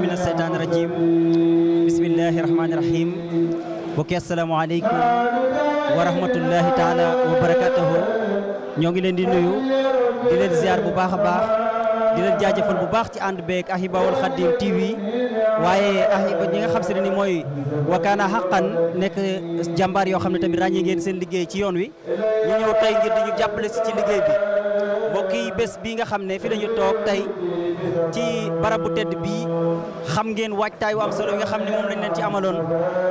min aseytaan irajim bismillahi irahmani irahim bokki asalaamaaleykum wa rahmatullahi taala wa ñoo ngi leen di nuyu di leen ziar bu baax a baax di leen jaajëfal bu baax ci ànd beeg Ahibahil Khadim TV waaye ahiba ñi nga xam ne ni mooy wakaana xaqan nekk jàmbaar yoo xam ne tamit ràññee ngeen seen liggéey ci yoon wi ñu ñëw tey ngir di jàppale si ci liggéey bi ki bes bi nga xamne ne fi lañu tok tay ci barabu tedd bi xam ngeen tay wu am solo nga xamne mom lañ leen ci amalon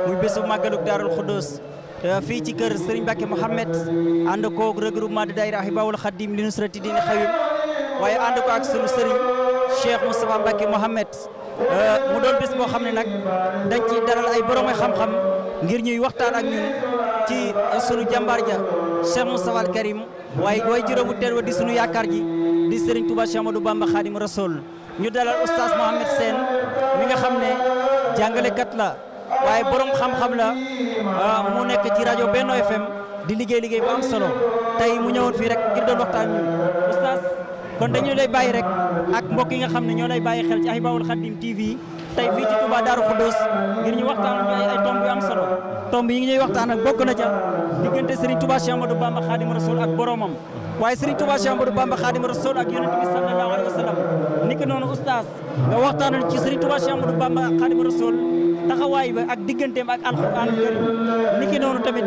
muy besu magaluk darul khudus fi ci keur Serigne Mbacke Mouhamed ànd koog regroupement de daira Ahibahil Khadim li nusrati din xawim waye and ko ak sunu Serigne Cheikh mustafa Mbacke mohammed mu doon bes bo xamne nak dañ ci daral ay borom xam-xam ngir ñuy waxtaan ak ñun ci sunu jambar ja Cheikh Moustapha al Karim waaye way juró bu teel wa di sunu yaakaar ji di Serigne Touba ma du Bamba Khadim Rasoul ñu dalal oustaz Mohamed Sène mi nga xam ne jàngalekat la waaye borom xam-xam la ah, mu nekk ci rajo benn Benno FM di liggéey liggéey bu am solo tey mu ñëwoon fii rek ngir doo waxtaan ñu oustaz kon dañu lay bàyyi rek ak mbokk yi nga xam ne ñoo lay bàyyi xel ci Ahibahil Khadim TV tey fii ci Touba Darou Khoudoss ngir ñu waxtaan ñu ay ay tomb yu am solo tomb yi ngi ñuy waxtaan ak bokk na ca diggante Serigne Touba Cheikh Amadou Bamba Khadim Rasoul ak boromam waaye Serigne Touba Cheikh Amadou Bamba Khadim Rasoul ak yonent bi sallallahu alayhi wa sallam niki noonu oustaz nga waxtaanal ci Serigne Touba Cheikh Amadou Bamba Khadim Rasoul taxawaay ba ak digganteem ak alxuraan karim niki noonu tamit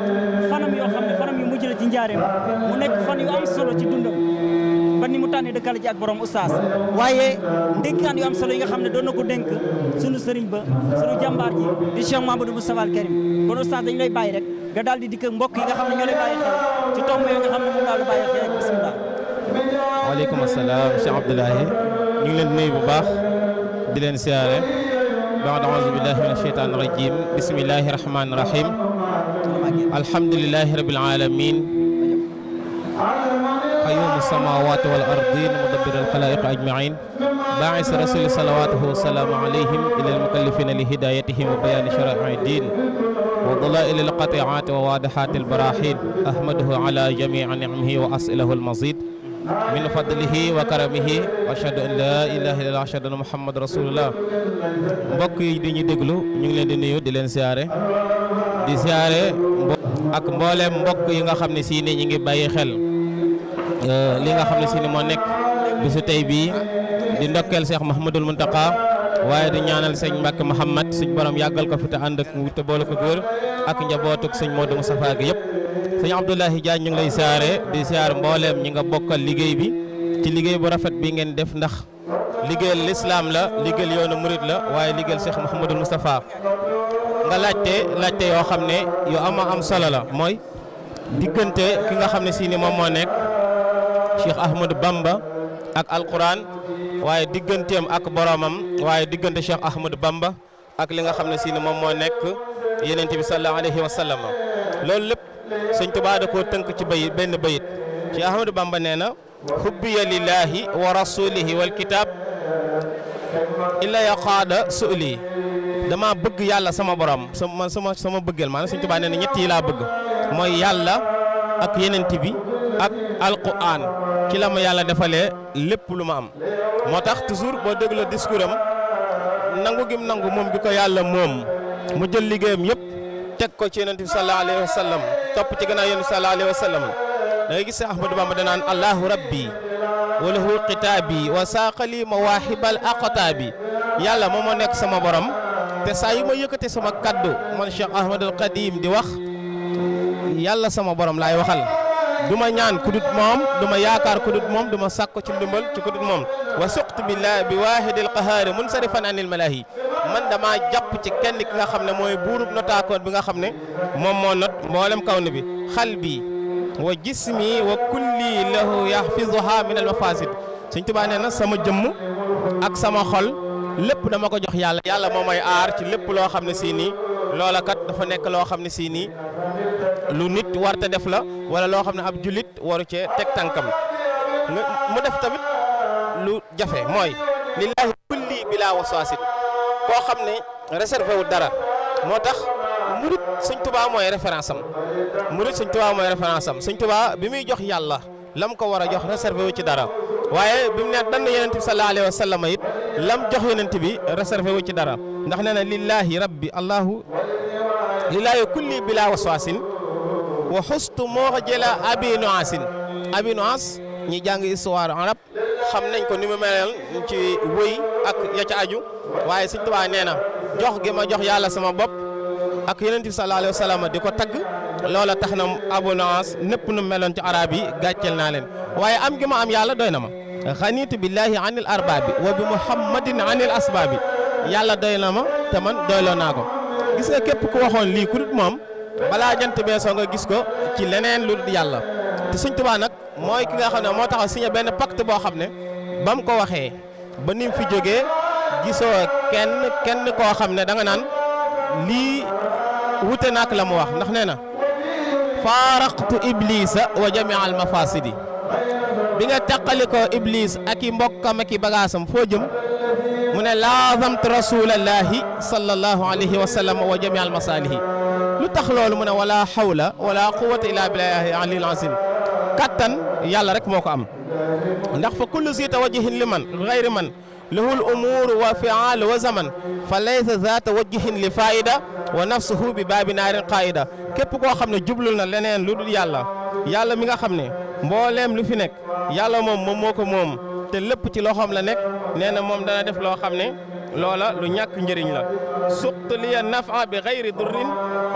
fanam yoo xam ne fanam yu mu nekk fan yu am solo ci dundam waxtaane dëkkale ji ak borom oustaz waaye ndénkaan yu am solo yi nga xam ne doon na ko dénk sunu sëriñ ba sunu jàmbaar ji di Cheikh Mamadou Moustapha al Karim kon oustaz dañu lay bàyyi rek nga daal di dikk mbokk yi nga xam ne ñoo lay bàyyi xel ci tomb yi nga xam ne moom daal di bàyyi xel rek bisimilah waaleykum asalaam Cheikh Abdoulahi bu baax di leen siyaare بعد أعوذ بالله من الشيطان الرجيم بسم الله الرحمن الرحيم الحمد لله رب العالمين قيوم السماوات والأرضين مدبر الخلائق أجمعين باعث رسول صلواته والسلام عليهم إلى المكلفين لهدايتهم وبيان شرائع الدين وضلائل القطيعات وواضحات البراحين أحمده على جميع نعمه وأسئله المزيد من فضله وكرمه أشهد أن لا إله إلا الله أشهد أن محمد رسول الله mbokk ديني di ñu déglu ñu دي leen di nuyu زياره leen siyaare ak mboolem mbokk yi nga xam si ni ngi xel Euh, li nga xam ne si ni moo nekk bisu tey bii di ndokkeel Cheikh Mouhamadul Mountakha waaye di ñaanal sëñ Mbacke Mouhamad suñ borom yàggal ko fi te ànd ak te boole ko góor ak njabootug sëñ Modou Moustapha gi yëpp sëñ Abdoulahi Diagne ñu ngi lay saare di saar mbooleem ñi nga bokkal liggéey bi ci liggéey bu rafet bi ngeen def ndax liggéeyal lislaam la liggéeyal yoonu murit la waaye liggéeyal Cheikh Mouhamadul Moustapha nga laajte laajte yoo xam ne yu ama am solo la mooy Cheikh Ahmadou Bamba ak alquran waaye digganteem ak boromam waaye diggante Cheikh Ahmadou Bamba ak li nga xam ne si moom moo nekk yeneen bi sallallahu alayhi wa loolu lépp sëñ Tuubaa da koo tënk ci bayit benn bayit Cheikh Ahmadou Bamba nee na hubbiya lillahi wa rasulihi wal kitab illa yaqaada suuli dama bëgg yàlla sama borom sama sama sama bëggeel maanaam sëñ Tuubaa nee na ñett yi laa bëgg mooy yàlla ak yeneen bi ak alquran ci lama yàlla defale lépp lu ma am motax toujours bo dégloo discoursam nangou gim nangou mom biko yàlla mom mu jël ligeyam yep tek ko ci yonent sallallahu alayhi wasallam top ci gëna yonent sallallahu alayhi wasallam da ngay gis Ahmadou Bamba danaan allah rabbi wa lahu kitaabi wa mawahib al aqtabi yàlla momo nek sama borom te sayuma yëkëte sama kaddu man Cheikh Ahmadul Qadim di wax yàlla سما برام لا يوخال duma ñaan ku dut moom du ma yaakaar ku dut moom du ma ci ndimbal ci ku dut moom wa suqt billahi bi waahidil qahar munsarifan anil malahi man dama jàpp ci kenn ki nga xamne moy buru nota notaakoon bi nga xamne mom mo not mbolam kawn bi khalbi wa jismi wa kulli lahu yahfizha min al mafasid seigne touba neena sama jëm ak sama xol lépp dama ko jox yàlla yàlla momay ar ci lépp lo xamne si ni lola kat dafa nek lo xamne si ni lu nit warta def la wala lo xamne ab julit waru ci tek tànkam mu def tamit lu jafe moy lillahi kulli bila waswaasin ko xamne réservé wu dara motax tax seigne touba moy référence am murit seigne touba moy référence am seigne touba bi muy jox yàlla lam ko wara jox réservé wu ci dara waye bi mu ne dan yenenbi sallallahu alayhi wasallam yit lam jox yenenbi réservé wu ci dara ndax nee lillahi rabbi allah lillahi kulli bila waswasin wa xustu moxjëla abi noasin abi noas ñi jàng histoire arab xam nañ ko ni mu melal ci wëy ak ya ca waaye Sëñ nee na jox gi ma jox yàlla sama bopp ak Yonent bi sallallahu alayhi wa di ko tagg loola tax na abu noas népp nu meloon ci araab yi gàcceel naa leen waaye am gi ma am yàlla doy na ma xaniitu billaahi anil arbaabi wa bi muhammadin anil asbaabi yàlla doy na ma te man doyloo naa ko gis nga képp ku waxoon lii ku dul moom balaa jant bee soo nga gis ko ci leneen lu dul yàlla te seigne touba nak moy ki nga xamne mo taxaw signé ben pacte bo xamne bam ko waxé ba nim fi joggé giso kenn kenn ko xamne da nga nan li wute nak lam wax ndax nee na iblisa wa jamia al mafasidi bi nga taqalikoo iblis ak i mbokkam ak i bagaasam foo jëm mu ne rasulallahi sallallahu alayhi wa sallam wa jamia al masalihi لوتاخ لول مونا ولا حول ولا قوه الا بالله العلي العظيم كاتن يالا رك موكو ام ناخ فكل زي توجه لمن غير من له الامور وفعال وزمن فليس ذات وجه لفائده ونفسه بباب نار قائده كيب كو خامني جوبلنا لنين لودو يالا يالا ميغا خامني مبولم لو في نيك يالا موم موم موكو موم تي لب تي لوخوم لا نيك نينا موم دا ديف لو خامني lola lu ñàkk njëriñ la suqtaliya nafa bi xayri durrin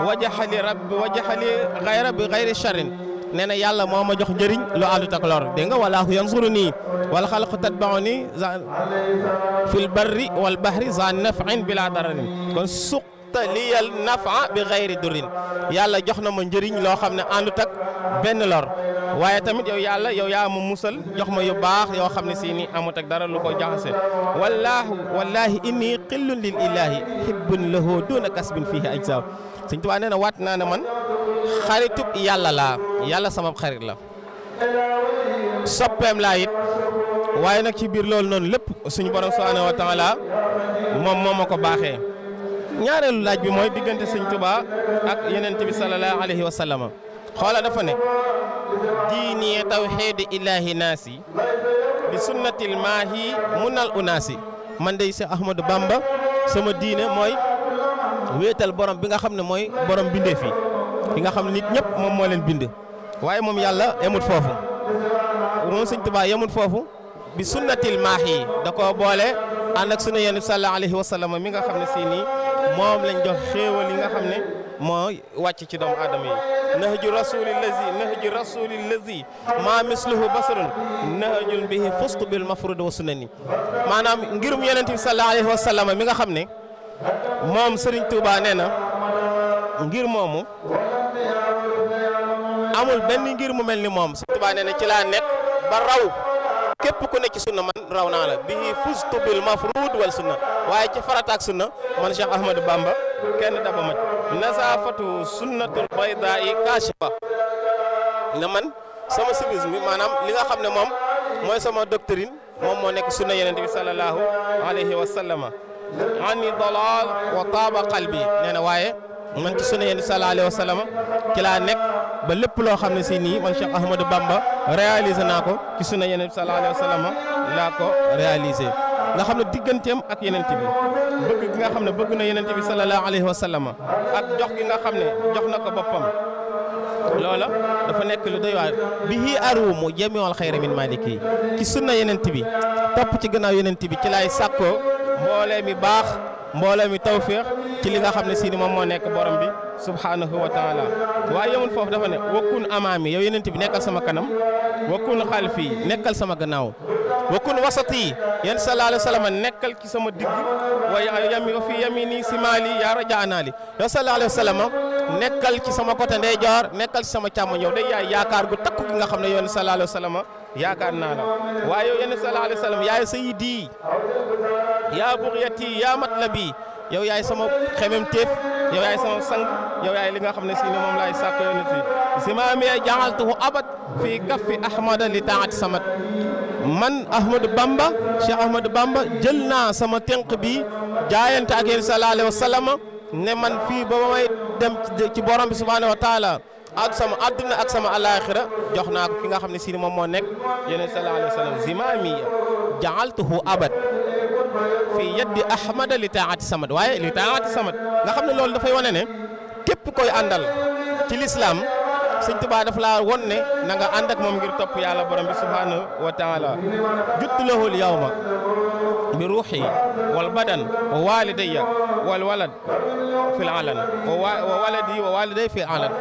wajaxali rab wajaxali xayra bi xayri charin nee na yàlla moo ma jox njëriñ lu àndut ak lor dégg nga walaahu yansuru nii wal xalqu tatbaxu nii fil barri wal bahri za nafin bila dararin kon suqtaliya nafa bi xayri yàlla jox na ma njëriñ loo xam ne lor waye tamit yow yàlla yow ya ma musal jox ma yu bax yo xamni si ni amut ak dara lu ko jaxase wallahi wallahi inni qillun lil ilahi hibbun lahu dun kasbin fihi ajza seigne touba neena wat nana man xaritub yàlla la yàlla sama xarit la soppeem la yit waye nak ci bir lol non lépp suñu borom subhanahu wa taala mom momako baxé ñaarelu laaj bi moy digënté seigne touba ak yonent bi salallaahu alayhi wa sallam xoola dafa ne diini tawxiidi ilaahi naasi bi sunnatil maahi munal unaasi man dey si Ahmadou Bamba sama diine mooy wéetal borom bi nga xam ne mooy borom bindeef yi ki nga xam ne nit ñëpp moom moo leen bind waaye moom yàlla yemut foofu moom sëñ Tuubaa yemut foofu bi sunnatil maahi da koo boole ànd ak sunna yonent bi sallallahu alayhi wa sallam mi nga xam ne si nii moom lañ jox xéewal yi nga xam ne moo wàcc ci doomu aadama yi نهج رسول الذي نهج رسول الذي ما مثله بصر نهج به فسق بالمفروض وسنني مانام غيرم يونت صلى الله عليه وسلم ميغا خامني موم سيرن توبا نينا غير مومو امول بن غير مو ملني موم سيرن توبا نينا تي لا نيك با راو képp ku nekk ci sunna man raw naa la bii fustu bil mafruud wal sunna waaye ci farata ak sunna man Cheikh Ahmadou Bamba kenn daba maj nasaafatu sunnatul baydaa yi kaashifa ne man sama service bi maanaam li nga xam ne moom mooy sama doctrine moom moo nekk sunna yonent bi sallallahu alayhi wa sallama ani dalal wa taaba qalbi nee na waaye man ci sunna yonent bi sallallahu alayhi wa sallama laa nekk ba lépp loo xam ne si nii man Cheikh Ahmadou Bamba réalisé naa ko ci sunna yeneen bi sallallahu alayhi laa ko réalisé nga xam ne digganteem ak yenent bi bëgg gi nga xam ne bëgg na yenent bi sallallahu alayhi wa ak jox gi nga xam ne jox na ko boppam loola dafa nekk lu doy waar bi hii aruumu jamiwal xayri min maliki ci sunna yenent bi topp ci gannaaw yenent bi ci laay sàkkoo mboolee mi baax mbolami tawfiq ci li nga xamne seen mom mo nek borom bi subhanahu wa taala waaye yamul fofu dafa ne wakun amami yow yenen tibi nekkal sama kanam wakun khalfi nekkal sama gannaaw wakun wasati yéen sallallahu alayhi wasallam nekkal ki sama digg wa yami fi yamini simaali yaa rajaanaali ya sallallahu alayhi wasallam nekkal ci sama côté ndey jor nekkal ci sama càmmoñ ñew day ya yaakar gu takku gi nga xamne ne yoon sallallahu alayhi wasallam yaakar na la waaye yow yenn sallallahu alayhi wasallam sallam yaay sayidi yaa bugyati yaa matlabi yow yaay sama xememteef yow yaay sama sang yow yaay li nga xam ne si ne moom laay sàkk yow nit yi zimaami jaxaltuhu abad fii kaffi ahmada li taati samat man ahmadou bamba cheikh ahmadou bamba jël naa sama tënk bi jaayante ak yéen sallallahu alayhi wa sallam ne man fii ba may dem ci borom bi subhanahu wa taala ak sama àdduna ak sama alaxira jox naa ko ki nga xam ne si ne moom moo nekk yéen sallallahu alayhi wa sallam zimaami jaxaltuhu abad fii yaddi ahmada li taati samad waaye li taati samad nga xam ne loolu dafay wane ne képp koy àndal ci lislaam sëñ Tuubaa daf laa won ne na moom ngir topp yàlla borom bi subhaanahu wa taala juttu lahul yawma bi ruuxi wal badan wa walidayya wal walad fil alan wa waladi wa fil alan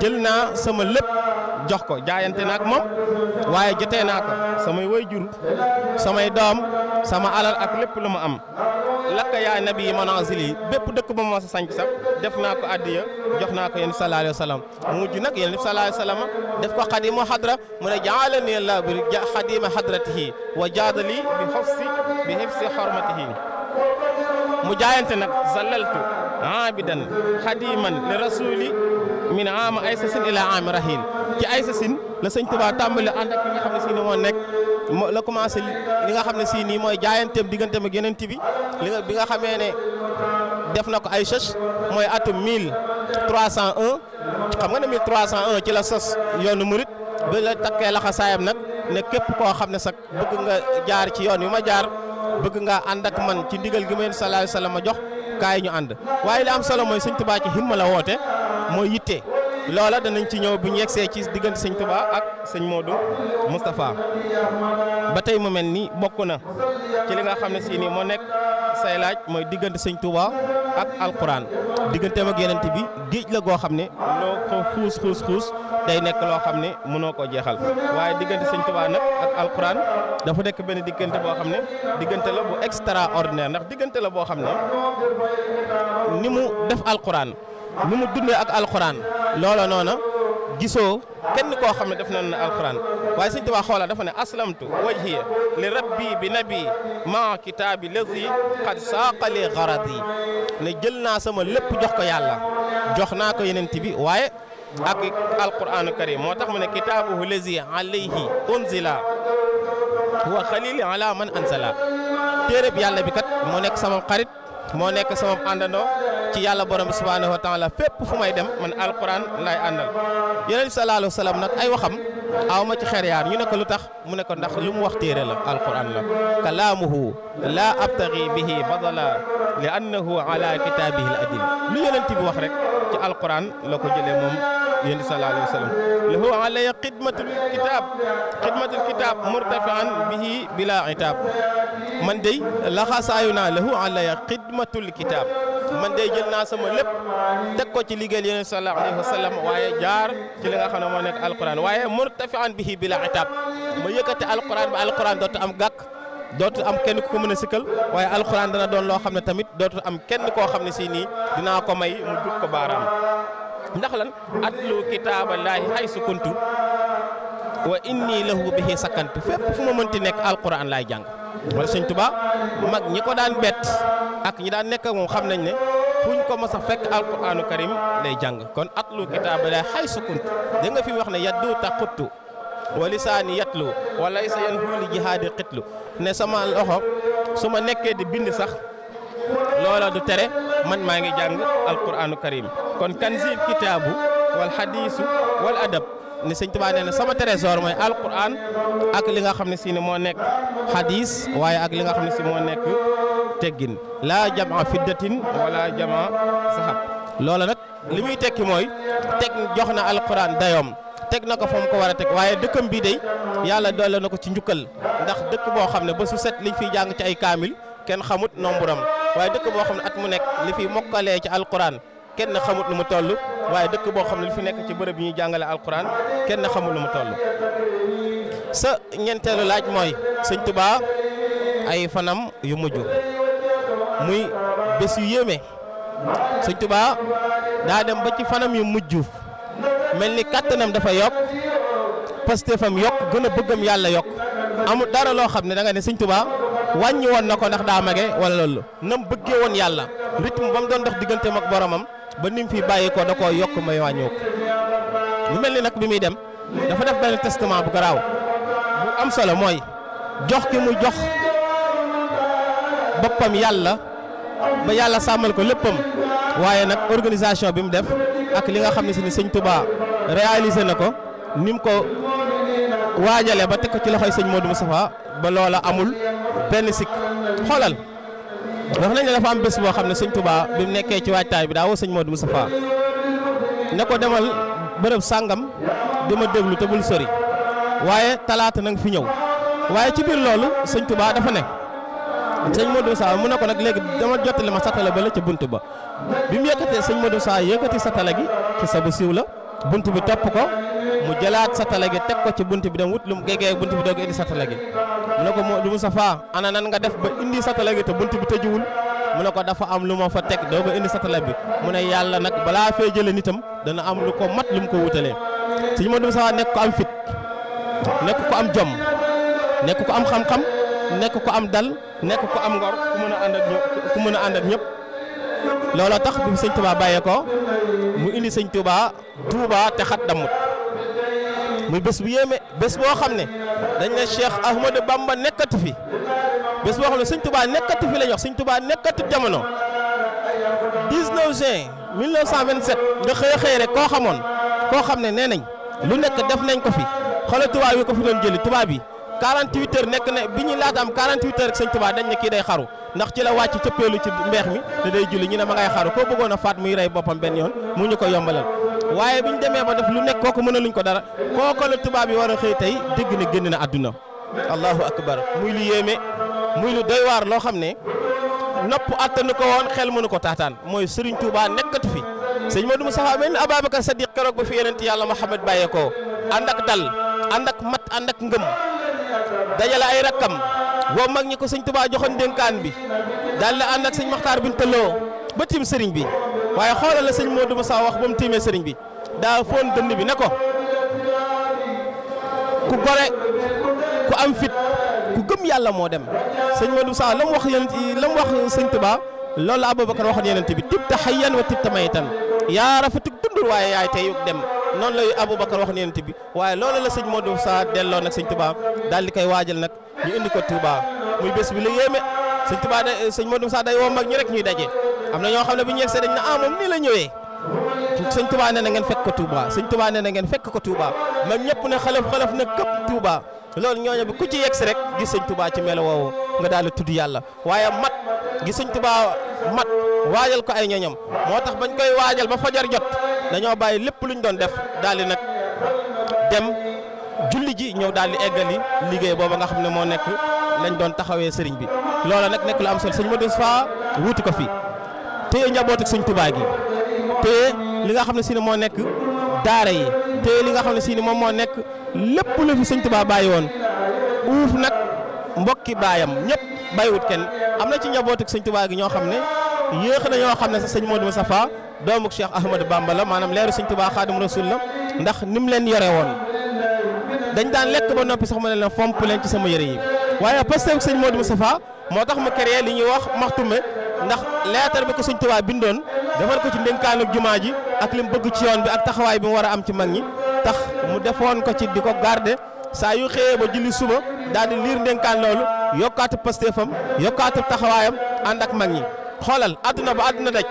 jël naa sama lépp jox ko jaayante naa ak moom waaye jotee naa ko samay wayjur samay doom sama alal ak lépp luma am lak ya nabi manazili bépp dëkk bu ma sa sanc sax def nako adiya jox nako ko sallallahu alayhi wasallam muju nak nag sallallahu alayhi wasallam def ko khadim hadra mun jaalani allah bi khadim hadratihi wa jadali bi hafsi bi hafsi hurmatihi mu jayante nak zalaltu abidan khadiman li rasuli min aama aysasin ila am rahil ci aysasin la seigne touba tàmbali ànd ak ki nga xam ne si la commencé li nga xam ne si nii mooy jaayanteem digganteem ak yeneen bi li nga bi nga xamee ne def na ko ay sës mooy atum 1301 xam nga ne 1301 ci la sos yoonu murit bi la takkee laxa saayam nag ne képp koo xam ne sax bëgg nga jaar ci yoon wi ma jaar bëgg nga ànd ak man ci ndigal gi ma yéen sallallahu alayhi wasallam ma jox yi ñu ànd waaye li am solo mooy Sëñ Tuubaa ci himma la woote mooy yitte. loola danañ ci ñëw bi ñu yegsee ci diggante sëñ Touba ak sañ Modou Moustapha ba tey mu mel ni bokk na ci li nga xam ne si nii moo nekk say laaj mooy diggante sëñ Touba ak alquran diggante ma yenent bi géej la goo xam ne loo ko xuus xuus xuus day nekk loo xam ne mënoo koo jeexal waaye diggante sëñ Touba nag ak alquran dafa nekk benn diggante boo xam ne diggante la bu extraordinaire ndax diggante la boo xam ne ni mu def alquran. nu mu dundee ak alcorane lolo nono gisso kenn ko xamné def nañ alcorane way seigne touba xola dafa ne aslamtu wajhi li rabbi bi nabi ma kitabi lazi qad saqa li gharadi ne jëlna sama lépp jox ko yàlla joxna ko yeneen bi waye ak alcorane karim motax tax mu ne kitabuhu lazi alayhi unzila huwa khalil ala man anzala téréb yàlla bi kat mo nek sama xarit mo nek sama àndandoo ci yàlla borom subhanahu wa taala fépp fu may dem man alquran lay àndal yeneen sallallahu alayhi wa sallam ay waxam aw ci xer yaar ñu ne ko mu ne ndax li wax téere la alquran la kalaamuhu laa abtagi bihi badala li annahu ala kitaabihi al adil lu yonent bi wax rek ci alquran la ko jëlee moom yonent sallallahu alayhi wa sallam lahu alaya xidmatul kitaab xidmatul kitaab murtafian bihi bila itab man day laxasaayu naa lahu alaya xidmatul kitaab man day jël naa sama lépp teg ko ci liggéeyal yeneen sallallahu alayhi wa sallam waaye jaar ci li nga xam ne moo nekk alquran waaye murtafian bihi bila itab ma yëkkate alquran ba alquran dootu am gàkk dootu am kenn ku ko mën a sikkal waaye alquran dana doon loo xam ne tamit dootu am kenn koo xam ne si nii dinaa ko may mu dut ko baaraam ndax lan atlu kitaaballaahi haysu kuntu wa inni lahu bihi sakkant fépp fu ma mënti nekk alquran laay jàng ak ñi daan nekk moom xam nañ ne fuñ ko mos a fekk alquranu karim lay jàng kon atlu kitab la xay sukunt da nga fi wax ne yaddu taqutu wa lisaani yatlu wa laysa yanhu li jihaadi xitlu ne sama loxo suma ma nekkee di bind sax loola du tere man maa ngi jàng alquranu karim kon kan kanzil kitabu wal xadiisu wal adab ni sëñ Tuubaa nee sama trésor mooy alquran ak li nga xam ne si ne moo nekk xadis waaye ak li nga xam ne si moo nekk تجين لا جمع فدتين ولا جمع صحاب لولا نك لمي تكي موي تك جوخنا القران دايوم تك نك فم كو وارا تك واي دكم بي دي يالا دولا نكو سي نيوكل داخ دك بو خامني با سو سيت لي في جانغ تي اي كامل كين خاموت نومبرام واي دك بو خامني ات مو نيك لي في موكالي تي القران كين خاموت نمو تولو واي دك بو خامني لي في نيك تي بربي ني جانغال القران كين خاموت نمو تولو سا نينتلو لاج موي سيغ توبا اي فنام يو موجو muy bés yu yéeme sëñ Tuubaa daa dem ba ci fanam yu mujj mel ni kàttanam dafa yokk pastéefam yokk gën bëggam yàlla yokk amul dara loo xam ne danga ne sëñ Tuubaa wàññi woon na ko ndax daa mage wala loolu nam bëggee woon yàlla rythme ba mu doon dox digganteem ak boromam ba ni mu fi bàyyi ko da koo yokk may wàññoo ko mel ni nag bi muy dem dafa def benn testament bu garaaw bu am solo mooy jox ki mu jox boppam yàlla ba yàlla sàmmal ko léppam waaye nag organisation bi mu def ak li nga xam ne si ni sëñ Touba réalisé na ko ni mu ko waajalee ba teg ko ci loxoy sëñ Modou Moustapha ba loola amul benn sikk xoolal wax nañ ne dafa am bés boo xam ne sëñ tubaa bi mu nekkee ci waajtaay bi daa moo sëñ Modou Moustapha ne ko demal bërëb sàngam di ma déglu te bul sori waaye talaata na nga fi ñëw waaye ci biir loolu sëñ Touba dafa ne. sëñ Modou Sa mu ne ko nag léegi dama jottali ma satala ba la ca bunt ba bi mu yëkkatee sëñ Modou Sa yëkkati satala gi xisa bu siiw la bunt bi topp ko mu jëlaat satala gi teg ko ci bunt bi dem wut lu mu gegee bunt bi doog indi satala gi mu ne ko Modou Moustapha ana nan nga def ba indi satala gi te bunt bi tëjuwul mu ne ko dafa am lu ma fa teg doo a indi satala bi mu ne yàlla nag balaa fee jëlee nitam dana am lu ko mat lu mu ko wutalee sëñ Modou Moustapha nekk ko am fit ko am jom nekk ko am nekk ko am dal nekk ko am ngor ku mën a ànd ak mën a ànd ak ñëpp looloo tax bi sëñ Touba bàyyee ko mu indi sëñ Touba Touba te xat damut muy bés bu yéeme bés boo xam ne dañ ne Cheikh Ahmadou Bamba nekkatu fi bés boo xam ne sëñ Touba nekkatu fi la ñu wax sëñ Touba nekkatu jamono 19 juin 1927 nga xëy a xëy rek koo xamoon koo xam ne nee nañ lu nekk def nañ ko fi xoolal tubaab yi ko fi doon jëli tubaab yi. 48 heures nekk na bi ñu laata am 48 heures sëñ Tuubaa dañ ne kii day xaru ndax ci la wàcc cëppeelu ci mbeex mi ne day julli ñu ne ma ngay xaru koo bëggoon faat muy rey boppam benn yoon mu ñu ko yombalal waaye bi ñu demee ba def lu nekk kooku mënaluñ ko dara kooku la tubaab yi war a xëy tey dégg ne génn na àdduna allahu akbar muy lu yéeme muy lu doy waar loo xam ne nopp attanu ko woon xel mënu ko taataan mooy Serigne Touba nekkatu ba fi yeneen yàlla Muhammad bàyyee ko ànd dajale ay rakkam boo mag ñi ko sëñ Tuubaa joxoon dénkaan bi daal ànd ak sëñ Maxtaar Bintaloo ba tiim sëriñ bi waaye xoolal la sëñ Modou Moussa wax ba mu tiimee sëriñ bi daa foon dënd bi ne ko ku gore ku am fit ku gëm yàlla moo dem sëñ Modou Moussa la mu wax yonent la mu wax sëñ Tuubaa loolu la Aboubacar waxoon yonent bi tibta hayyan wa tibta maytan yaa rafetuk dundur waaye yaay tey dem noonu lay Aboubacar wax nent bi waaye loolu la moo Modou Sa delloo nag sëñ Touba daal di koy waajal nag ñu indi ko Touba muy bés bi la yéeme sëñ Touba da sëñ Modou Sa day woo mag ñi rek ñuy daje am na ñoo xam ne bu ñu yegsee dañ na ah moom nii la ñëwee sëñ Touba nee na ngeen fekk ko Touba sëñ Touba nee na ngeen fekk ko Touba même ñëpp ne xalaf xalaf na këpp Touba loolu ñooñu bi ku ci yegsi rek gis sëñ tubaa ci melo woowu nga daal di tudd yàlla waaye mat gis sëñ Touba mat waajal ko ay ñoñam moo tax bañ koy waajal ba fajar jot dañoo bàyyi lépp luñ doon def daal nag dem julli ji ñëw daal di eggali liggéey booba nga xam ne moo nekk lañ doon taxawee sëriñ bi loola nag nekk lu am solo sëñ Modou Moustapha wuuti ko fi téye njaboot ak sëñ Tuubaa li nga xam ne si ne moo nekk daara yi nga xam ne si moom moo nekk lépp lu fi sëñ Tuubaa bàyyi woon uuf nag mbokki baayam ñëpp wut kenn am na ci njaboot ak sëñ Tuubaa gi ñoo xam ne yéex na ñoo xam ne sa sëñ Modou Moustapha doomu Cheikh Ahmadou Bamba la maanaam leeru Sëñ Tuubaa Xaadimu Rasuul la ndax ni mu leen yore woon dañ daan lekk ba noppi sax mu ne leen fomp leen ci sama yére yi waaye pasteef sëñ Modou Moustapha moo tax mu créé li ñuy wax maxtume ndax leetar bi ko Sëñ bindoon defar ko ci ndénkaanu jumaa ji ak li mu bëgg ci yoon bi ak taxawaay bi mu war a am ci mag ñi tax mu defoon ko ci di ko garder saa yu xëyee ba julli suba daal di liir ndénkaan loolu yokkaatu pasteefam yokkaatu taxawaayam ànd ak mag ñi xoolal àdduna ba àdduna daj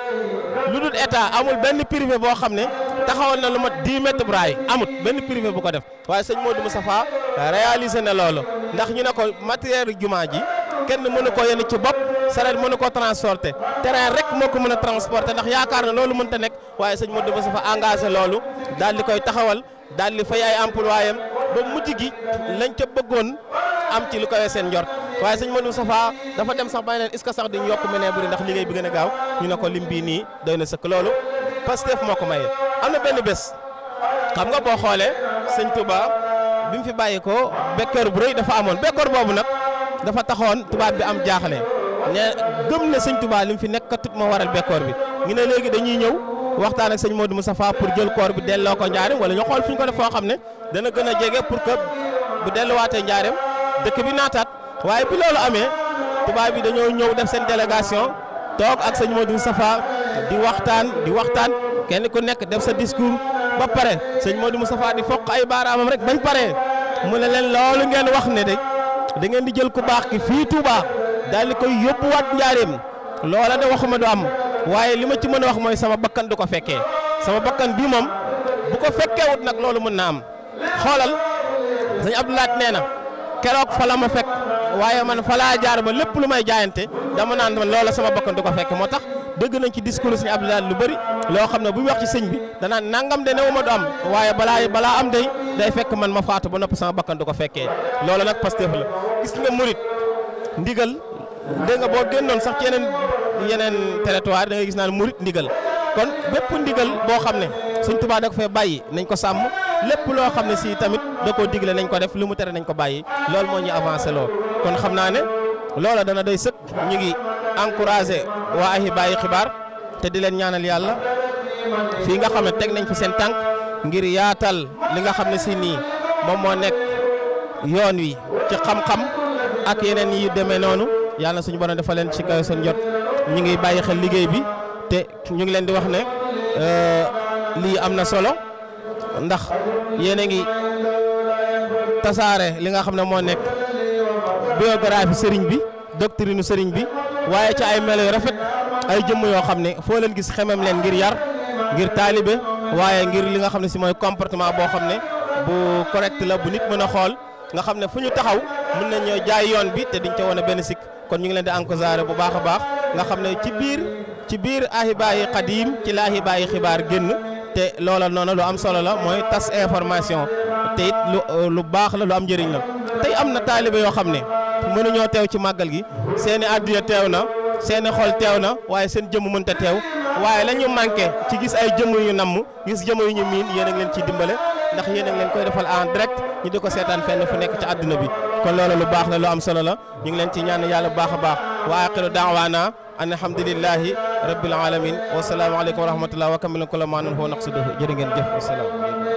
lu dul état amul benn privé boo xam ne taxawal na lu mat 10 mètres braille amut benn privé bu ko def waaye sañ moo Modou Moustapha réalisé na loolu ndax ñu ne ko matériel jumaa ji kenn mënu ko yenn ci bopp sareet mënu ko transporter terrain rek moo mën a transporter ndax yaakaar na loolu mënta nekk waaye sañ sëñ Modou Moustapha engagé loolu daal di koy taxawal daal di fay ay employéem ba mujj gi lañ ca bëggoon am ci lu ko seen njort waaye sëñ Modou Moustapha dafa dem sax baa leen est-ce que yokk menee buri ndax liggéey bi gën a ñu ne ko lim bii nii doy na sëkk loolu Pastef moo ko maye am na benn bés xam nga boo xoolee sëñ Touba bi mu fi bàyyi ko bekkoor bu rëy dafa amoon bekkoor boobu nag dafa taxoon tubaab bi am jaaxle ne gëm na sëñ Touba li mu fi nekkatut moo waral bekkoor bi ñu ne léegi dañuy ñëw waxtaan ak sëñ Modou Moustapha pour jël koor bi delloo ko njaareem wala ñu xool fi ñu ko def foo xam ne dana gën a jege pour que bu delluwaatee njaareem dëkk bi naataat waaye bi loolu amee tubaab bi dañoo ñëw def seen délégation toog ak sëñ Modou Moustapha di waxtaan di waxtaan kenn ku nekk def sa discours ba pare sëñ Modou Moustapha di foq ay baaraamam rek bañ pare mu ne leen loolu ngeen wax ne de da ngeen di jël ku baax ki fii Touba daal di koy yóbbuwaat njaareem loola de waxuma du am waaye li ma ci mën a wax mooy sama bakkan du ko fekkee sama bakkan bi moom bu ko fekkee wut nag loolu mën na am xoolal sëñ Abdou Lahat nee na keroog fa la waaye man fa laa jaar ba lépp lu may jaayante dama naan man loola sama bakkan du ko fekk moo tax dëgg nañ ci discours sëñ Abdoulaye lu bëri loo xam ne bu wax ci sëñ bi danaa nangam de newuma du am waaye balaa balaa am day day fekk man ma faatu ba noppi sama bakkan du ko fekkee loola nag Pastef la gis nga murit ndigal dégg nga boo génnoon sax ci yeneen yeneen territoire da ngay gis naan murit ndigal kon bépp ndigal boo xam ne suñ Tuubaa da ko fee bàyyi nañ ko sàmm lépp loo xam ne si tamit da koo digle nañ ko def lu mu tere nañ ko bàyyi loolu moo ñu avancé lool kon xam naa ne loola dana day sëkk ñu ngi encouragé waa Ahibahil Xibaar te di leen ñaanal yàlla fii nga xam ne teg nañ fi seen tànk ngir yaatal li nga xam ne si nii moom moo nekk yoon wi ci xam-xam ak yeneen yi demee noonu yàlla suñu borom dafa leen ci kaw seen jot ñu ngi bàyyi xel liggéey bi te ñu ngi leen di wax ne euh, lii am na solo ndax yéen ngi tasaare li nga xam ne moo nekk. biographie sëriñ bi doctrine sëriñ bi waaye ci ay melo yu rafet ay jëmm yoo xam ne foo leen gis xemem leen ngir yar ngir taalibe waaye ngir li nga xam ne si mooy comportement boo xam ne bu correct la bu nit mën a xool nga xam ne fu ñu taxaw mën nañoo jaay yoon bi te duñ ca wane benn sikk kon ñu ngi leen di encouragé bu baax a baax nga xam ne ci biir ci biir ahibaayi xadiim ci la ahibaayi xibaar génn te loola noonu lu am solo la mooy tas information te it lu lu baax la lu am njëriñ la tey yoo xam ne mënuñoo teew ci màggal gi seen i addiya teew na seen i xol teew na waaye seen jëmm mënta teew waaye la ñu manqué ci gis ay jëm yu namm gis jëmm yu ñu miin yéen a ngi leen ciy dimbale ndax yéen a ngi leen koy defal en direct ñu di ko seetaan fenn fu nekk ci àdduna bi kon loolu lu baax la lu am solo la ñu ngi leen ci ñaan yàlla bu baax a baax wa aqiru daawaana an alhamdulillahi rabbil alamin wa salaamu aleykum wa rahmatullah wa kamilan kula maanan foo naqsuduhu ngeen jëf wa